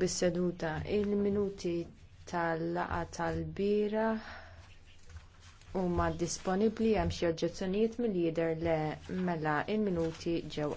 bis-seduta il-minuti tal laqgħa tal-bira huma disponibbli hemm xi oġġezzjonijiet mill-jidher le mela l minuti ġew